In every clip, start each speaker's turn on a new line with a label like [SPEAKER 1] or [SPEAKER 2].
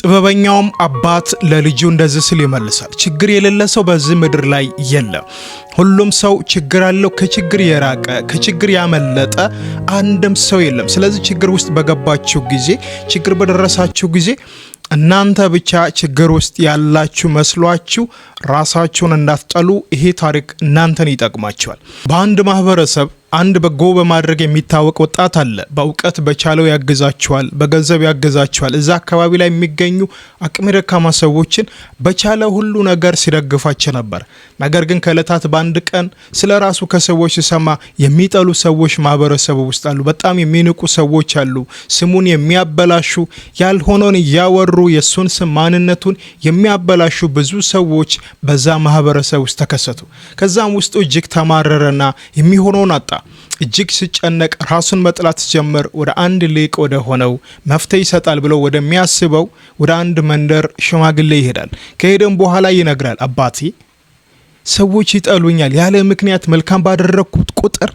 [SPEAKER 1] ጥበበኛውም አባት ለልጁ እንደዚህ ሲል ይመልሳል፣ ችግር የሌለ ሰው በዚህ ምድር ላይ የለም። ሁሉም ሰው ችግር አለው። ከችግር የራቀ ከችግር ያመለጠ አንድም ሰው የለም። ስለዚህ ችግር ውስጥ በገባችሁ ጊዜ፣ ችግር በደረሳችሁ ጊዜ እናንተ ብቻ ችግር ውስጥ ያላችሁ መስሏችሁ ራሳችሁን እንዳትጠሉ። ይሄ ታሪክ እናንተን ይጠቅማችኋል። በአንድ ማህበረሰብ አንድ በጎ በማድረግ የሚታወቅ ወጣት አለ። በእውቀት በቻለው ያግዛቸዋል፣ በገንዘብ ያግዛቸዋል። እዛ አካባቢ ላይ የሚገኙ አቅመ ደካማ ሰዎችን በቻለ ሁሉ ነገር ሲደግፋቸው ነበር። ነገር ግን ከእለታት በአንድ ቀን ስለ ራሱ ከሰዎች ሲሰማ የሚጠሉ ሰዎች ማህበረሰቡ ውስጥ አሉ። በጣም የሚንቁ ሰዎች አሉ። ስሙን የሚያበላሹ ያልሆነውን እያወሩ የእሱን ስም ማንነቱን የሚያበላሹ ብዙ ሰዎች በዛ ማህበረሰብ ውስጥ ተከሰቱ። ከዛም ውስጡ እጅግ ተማረረና የሚሆነውን አጣ። እጅግ ሲጨነቅ ራሱን መጥላት ሲጀምር ወደ አንድ ሊቅ ወደ ሆነው መፍትሄ ይሰጣል ብሎ ወደሚያስበው ወደ አንድ መንደር ሽማግሌ ይሄዳል። ከሄደም በኋላ ይነግራል፣ አባቴ ሰዎች ይጠሉኛል ያለ ምክንያት መልካም ባደረግኩት ቁጥር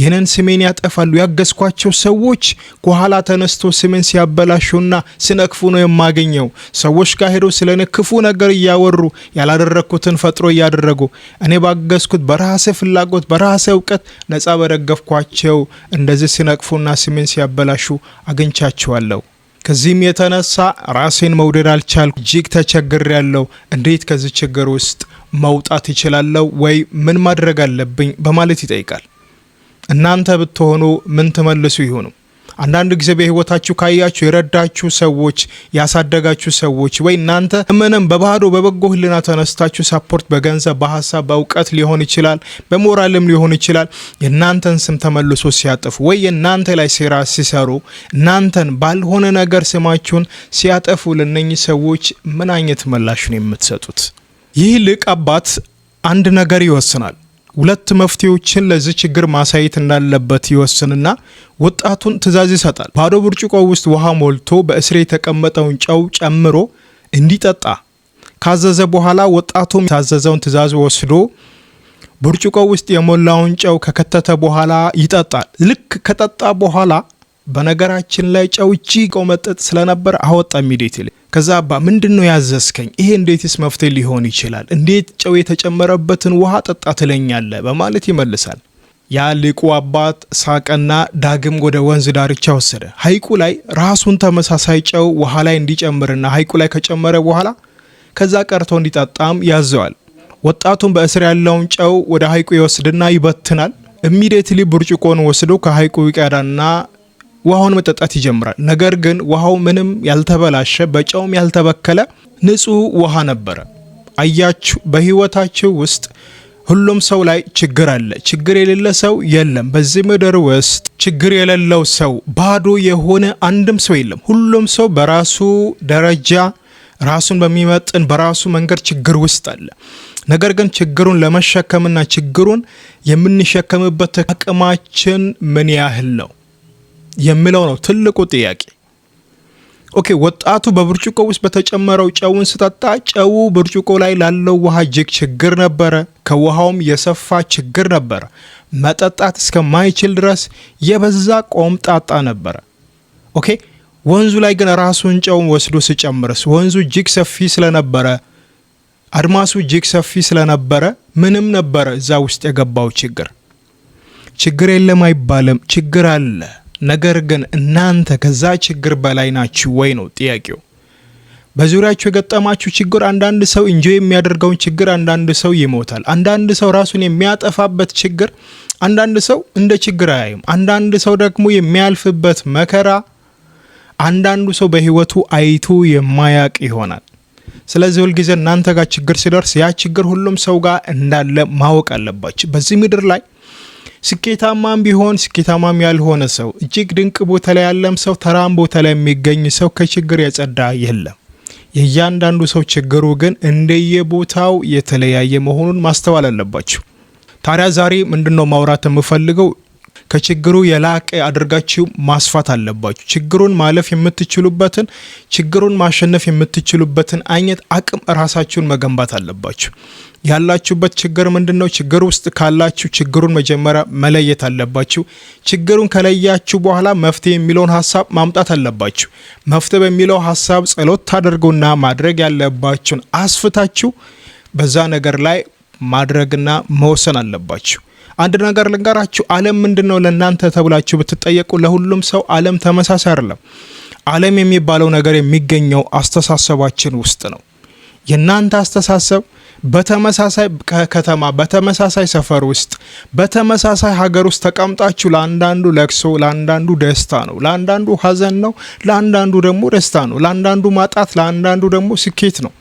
[SPEAKER 1] ይህንን ስሜን ያጠፋሉ ያገዝኳቸው ሰዎች ከኋላ ተነስቶ ስሜን ሲያበላሹና ሲነቅፉ ነው የማገኘው። ሰዎች ጋር ሄዶ ስለ እኔ ክፉ ነገር እያወሩ ያላደረግኩትን ፈጥሮ እያደረጉ እኔ ባገዝኩት በራሴ ፍላጎት በራሴ እውቀት ነፃ በደገፍኳቸው እንደዚህ ሲነቅፉና ስሜን ሲያበላሹ አግኝቻቸዋለሁ። ከዚህም የተነሳ ራሴን መውደድ አልቻልኩ። እጅግ ተቸግር ያለው እንዴት ከዚህ ችግር ውስጥ መውጣት ይችላለሁ ወይ ምን ማድረግ አለብኝ በማለት ይጠይቃል። እናንተ ብትሆኑ ምን ትመልሱ ይሆኑ? አንዳንድ ጊዜ በህይወታችሁ ካያችሁ የረዳችሁ ሰዎች ያሳደጋችሁ ሰዎች ወይ እናንተ ምንም በባዶ በበጎ ህልና ተነስታችሁ ሰፖርት በገንዘብ በሀሳብ በእውቀት ሊሆን ይችላል፣ በሞራልም ሊሆን ይችላል። የእናንተን ስም ተመልሶ ሲያጥፉ ወይ የእናንተ ላይ ሴራ ሲሰሩ እናንተን ባልሆነ ነገር ስማችሁን ሲያጠፉ ለነኚህ ሰዎች ምን አይነት ምላሽ ነው የምትሰጡት? ይህ ልቅ አባት አንድ ነገር ይወስናል። ሁለት መፍትሄዎችን ለዚህ ችግር ማሳየት እንዳለበት ይወስንና ወጣቱን ትዕዛዝ ይሰጣል። ባዶ ብርጭቆ ውስጥ ውሃ ሞልቶ በእስር የተቀመጠውን ጨው ጨምሮ እንዲጠጣ ካዘዘ በኋላ ወጣቱም የታዘዘውን ትዕዛዝ ወስዶ ብርጭቆ ውስጥ የሞላውን ጨው ከከተተ በኋላ ይጠጣል። ልክ ከጠጣ በኋላ በነገራችን ላይ ጨው እጅግ ቆመጠጥ ስለነበር አወጣ ሚዴት ይል ከዛ አባ ምንድን ነው ያዘዝከኝ? ይሄ እንዴትስ መፍትሄ ሊሆን ይችላል? እንዴት ጨው የተጨመረበትን ውሃ ጠጣ ትለኛለ? በማለት ይመልሳል። ያ ሊቁ አባት ሳቀና ዳግም ወደ ወንዝ ዳርቻ ወሰደ። ሐይቁ ላይ ራሱን ተመሳሳይ ጨው ውሃ ላይ እንዲጨምርና ሐይቁ ላይ ከጨመረ በኋላ ከዛ ቀርቶ እንዲጠጣም ያዘዋል። ወጣቱን በእስር ያለውን ጨው ወደ ሐይቁ ይወስድና ይበትናል። ኢሚዲየትሊ ብርጭቆን ወስዶ ከሐይቁ ይቀዳና ውሃውን መጠጣት ይጀምራል። ነገር ግን ውሃው ምንም ያልተበላሸ በጨውም ያልተበከለ ንጹህ ውሃ ነበረ። አያችሁ፣ በህይወታችሁ ውስጥ ሁሉም ሰው ላይ ችግር አለ። ችግር የሌለ ሰው የለም። በዚህ ምድር ውስጥ ችግር የሌለው ሰው ባዶ የሆነ አንድም ሰው የለም። ሁሉም ሰው በራሱ ደረጃ ራሱን በሚመጥን በራሱ መንገድ ችግር ውስጥ አለ። ነገር ግን ችግሩን ለመሸከምና ችግሩን የምንሸከምበት አቅማችን ምን ያህል ነው? የሚለው ነው ትልቁ ጥያቄ። ኦኬ ወጣቱ በብርጭቆ ውስጥ በተጨመረው ጨውን ስጠጣ ጨው ብርጭቆ ላይ ላለው ውሃ እጅግ ችግር ነበረ፣ ከውሃውም የሰፋ ችግር ነበረ። መጠጣት እስከማይችል ድረስ የበዛ ቆምጣጣ ነበረ። ኦኬ ወንዙ ላይ ግን ራሱን ጨውን ወስዶ ሲጨምርስ ወንዙ እጅግ ሰፊ ስለነበረ፣ አድማሱ እጅግ ሰፊ ስለነበረ ምንም ነበረ እዛ ውስጥ የገባው ችግር። ችግር የለም አይባልም፣ ችግር አለ። ነገር ግን እናንተ ከዛ ችግር በላይ ናችሁ ወይ ነው ጥያቄው። በዙሪያችሁ የገጠማችሁ ችግር፣ አንዳንድ ሰው እንጂ የሚያደርገውን ችግር፣ አንዳንድ ሰው ይሞታል፣ አንዳንድ ሰው ራሱን የሚያጠፋበት ችግር፣ አንዳንድ ሰው እንደ ችግር አያይም፣ አንዳንድ ሰው ደግሞ የሚያልፍበት መከራ፣ አንዳንዱ ሰው በህይወቱ አይቱ የማያቅ ይሆናል። ስለዚህ ሁልጊዜ እናንተ ጋር ችግር ሲደርስ ያ ችግር ሁሉም ሰው ጋር እንዳለ ማወቅ አለባችሁ። በዚህ ምድር ላይ ስኬታማም ቢሆን ስኬታማም ያልሆነ ሰው እጅግ ድንቅ ቦታ ላይ ያለም ሰው ተራም ቦታ ላይ የሚገኝ ሰው ከችግር የጸዳ የለም። የእያንዳንዱ ሰው ችግሩ ግን እንደየቦታው የተለያየ መሆኑን ማስተዋል አለባቸው። ታዲያ ዛሬ ምንድን ነው ማውራት የምፈልገው? ከችግሩ የላቀ አድርጋችሁ ማስፋት አለባችሁ። ችግሩን ማለፍ የምትችሉበትን፣ ችግሩን ማሸነፍ የምትችሉበትን አይነት አቅም ራሳችሁን መገንባት አለባችሁ። ያላችሁበት ችግር ምንድን ነው? ችግር ውስጥ ካላችሁ ችግሩን መጀመሪያ መለየት አለባችሁ። ችግሩን ከለያችሁ በኋላ መፍትሄ የሚለውን ሀሳብ ማምጣት አለባችሁ። መፍትሄ በሚለው ሀሳብ ጸሎት ታደርጉና ማድረግ ያለባችሁን አስፍታችሁ በዛ ነገር ላይ ማድረግና መወሰን አለባችሁ። አንድ ነገር ልንገራችሁ፣ ዓለም ምንድን ነው ለእናንተ ተብላችሁ ብትጠየቁ ለሁሉም ሰው ዓለም ተመሳሳይ አይደለም። ዓለም የሚባለው ነገር የሚገኘው አስተሳሰባችን ውስጥ ነው። የእናንተ አስተሳሰብ በተመሳሳይ ከተማ፣ በተመሳሳይ ሰፈር ውስጥ፣ በተመሳሳይ ሀገር ውስጥ ተቀምጣችሁ ለአንዳንዱ ለቅሶ፣ ለአንዳንዱ ደስታ ነው፣ ለአንዳንዱ ሀዘን ነው፣ ለአንዳንዱ ደግሞ ደስታ ነው፣ ለአንዳንዱ ማጣት፣ ለአንዳንዱ ደግሞ ስኬት ነው።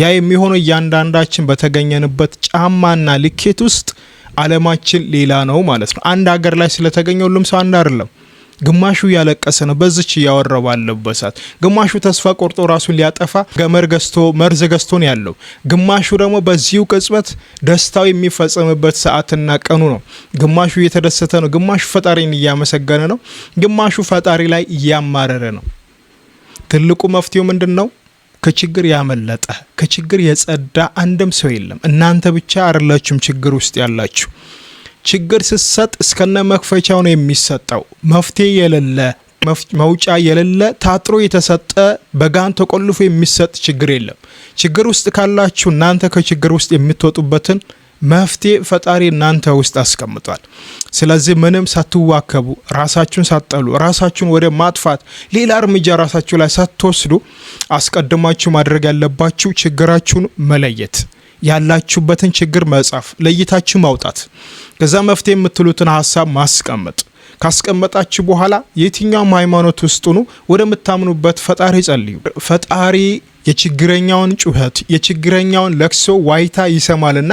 [SPEAKER 1] ያ የሚሆነው እያንዳንዳችን በተገኘንበት ጫማና ልኬት ውስጥ አለማችን ሌላ ነው ማለት ነው። አንድ ሀገር ላይ ስለተገኘ ሁሉም ሰው አንድ አይደለም። ግማሹ እያለቀሰ ነው በዚች እያወራ ባለበት ሰዓት፣ ግማሹ ተስፋ ቆርጦ ራሱን ሊያጠፋ ገመድ ገዝቶ መርዝ ገዝቶ ነው ያለው። ግማሹ ደግሞ በዚሁ ቅጽበት ደስታው የሚፈጸምበት ሰዓትና ቀኑ ነው። ግማሹ እየተደሰተ ነው፣ ግማሹ ፈጣሪን እያመሰገነ ነው፣ ግማሹ ፈጣሪ ላይ እያማረረ ነው። ትልቁ መፍትሄው ምንድን ነው? ከችግር ያመለጠ ከችግር የጸዳ አንድም ሰው የለም። እናንተ ብቻ አይደላችሁም ችግር ውስጥ ያላችሁ። ችግር ስትሰጥ እስከነ መክፈቻው ነው የሚሰጠው። መፍትሄ የሌለ መውጫ የሌለ ታጥሮ የተሰጠ በጋን ተቆልፎ የሚሰጥ ችግር የለም። ችግር ውስጥ ካላችሁ እናንተ ከችግር ውስጥ የምትወጡበትን መፍትሄ ፈጣሪ እናንተ ውስጥ አስቀምጧል። ስለዚህ ምንም ሳትዋከቡ፣ ራሳችሁን ሳትጠሉ፣ ራሳችሁን ወደ ማጥፋት ሌላ እርምጃ ራሳችሁ ላይ ሳትወስዱ አስቀድማችሁ ማድረግ ያለባችሁ ችግራችሁን መለየት ያላችሁበትን ችግር መጻፍ፣ ለይታችሁ ማውጣት፣ ከዛ መፍትሄ የምትሉትን ሀሳብ ማስቀመጥ ካስቀመጣችሁ በኋላ የትኛውም ሃይማኖት ውስጥ ሁኑ፣ ወደምታምኑበት ፈጣሪ ጸልዩ። ፈጣሪ የችግረኛውን ጩኸት የችግረኛውን ለቅሶ ዋይታ ይሰማልና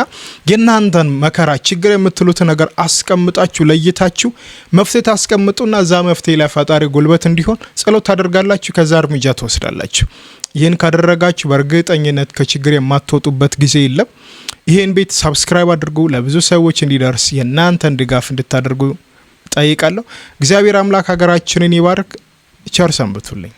[SPEAKER 1] የእናንተን መከራ ችግር የምትሉት ነገር አስቀምጣችሁ ለይታችሁ መፍትሄ ታስቀምጡና እዛ መፍትሄ ላይ ፈጣሪ ጉልበት እንዲሆን ጸሎት ታደርጋላችሁ። ከዛ እርምጃ ትወስዳላችሁ። ይህን ካደረጋችሁ በእርግጠኝነት ከችግር የማትወጡበት ጊዜ የለም። ይህን ቤት ሰብስክራይብ አድርጉ። ለብዙ ሰዎች እንዲደርስ የእናንተን ድጋፍ እንድታደርጉ ጠይቃለሁ። እግዚአብሔር አምላክ ሀገራችንን ይባርክ። ቸር ሰንብቱልኝ።